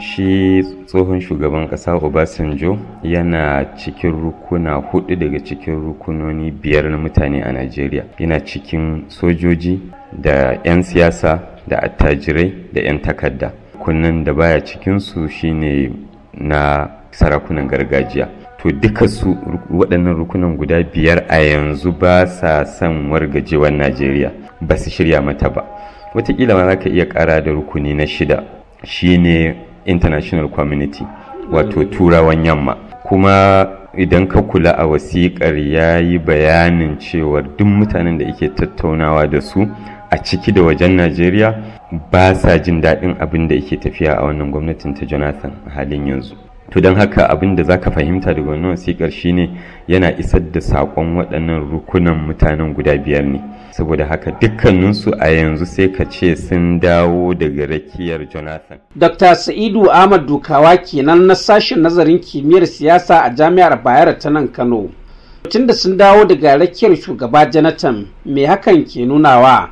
shi tsohon shugaban ƙasa obasanjo yana cikin rukuna hudu daga cikin rukunoni biyar na mutane a najeriya yana cikin sojoji da 'yan siyasa da attajirai da 'yan takarda kunnan da baya cikinsu shine na sarakunan gargajiya to duka su waɗannan rukunan guda biyar a yanzu ba sa son wargajewar najeriya ba su shirya mata ba Wataƙila ma za ka iya ƙara da rukuni na shida shine international community wato turawan yamma kuma idan ka kula a wasikar ya yi bayanin cewa duk mutanen da ke tattaunawa da su a ciki da wajen najeriya ba sa jin daɗin abin da ike tafiya a wannan gwamnatin ta jonathan halin yanzu to don haka abin da za ka fahimta daga wannan wasiƙar shine yana isar da saƙon waɗannan rukunan mutanen guda biyar ne saboda haka dukkaninsu a yanzu sai ka ce sun dawo daga rakiyar jonathan dr sa'idu ahmad dukawa kenan na sashen nazarin kimiyyar siyasa a jami'ar bayero ta nan kano tun da sun dawo daga rakiyar shugaba jonathan me hakan ke nunawa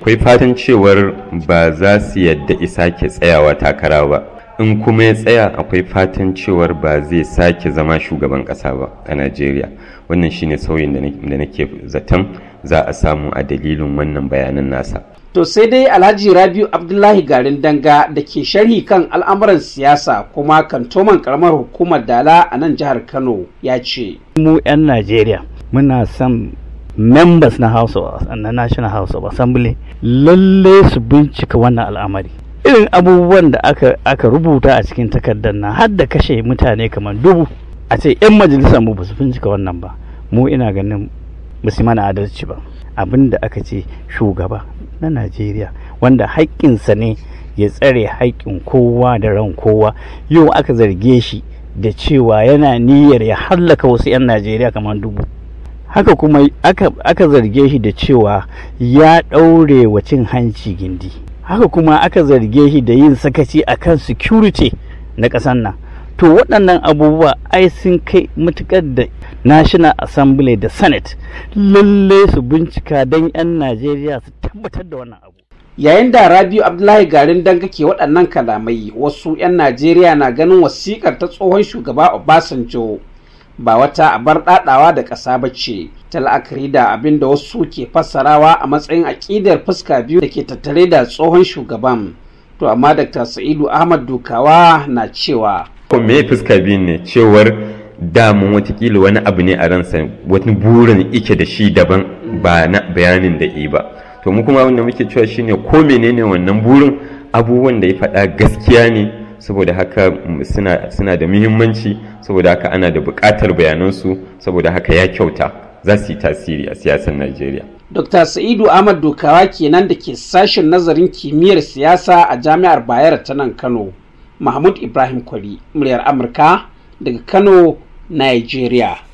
akwai fatan cewar ba za su yadda isa ke tsayawa takara ba in kuma ya tsaya akwai fatan cewar ba zai sake zama shugaban ƙasa ba a najeriya wannan shine sauyin da nake zaton za a samu a dalilin wannan bayanan nasa to sai dai alhaji rabiu abdullahi garin danga da ke sharhi kan al'amuran siyasa kuma kantoman karamar hukumar dala a nan jihar kano ya ce mu 'yan najeriya muna son members na house of, na national house of assembly lalle su bincika wannan al'amari irin abubuwan da aka, rubuta a cikin takardar na har da kashe mutane kamar dubu a ce 'yan majalisar mu ba su bincika wannan ba mu ina ganin ba su mana adalci ba abin da aka ce shugaba na najeriya wanda haƙƙinsa ne ya tsare haƙƙin kowa da ran kowa yau aka zarge shi da cewa yana niyyar ya hallaka wasu 'yan najeriya kamar dubu haka kuma aka, zarge shi da cewa ya ɗaure wa cin hanci gindi haka kuma aka zarge shi da yin sakaci a kan security na ƙasar nan to waɗannan abubuwa ai sun kai matuƙar da national assembly da senate lalle su bincika don 'yan najeriya su tabbatar da wannan abu yayin da rabiu abdullahi garin danga ke waɗannan kalamai wasu 'yan najeriya na ganin wasikar ta tsohon shugaba obasanjo ba wata abar ɗaɗawa da ƙasa ba ce ta la'akari da abin da wasu ke fassarawa a matsayin aƙidar fuska biyu da ke tattare da tsohon shugaban to amma dr sa'idu ahmad dukawa na cewa ko me fuska biyu ne cewar damun watakila wani abu ne a ransa wani burin ike da shi daban ba na bayanin da yi ba to mu kuma wanda muke cewa shine ko menene wannan burin abubuwan da ya faɗa gaskiya ne saboda haka suna da muhimmanci saboda haka ana da buƙatar bayanansu saboda haka ya kyauta za su yi tasiri a siyasar najeriya dr sa'idu ahmad dokawa kenan da ke sashen nazarin kimiyyar siyasa a jami'ar bayero ta nan kano mahmud ibrahim kwari muryar amurka daga kano nigeria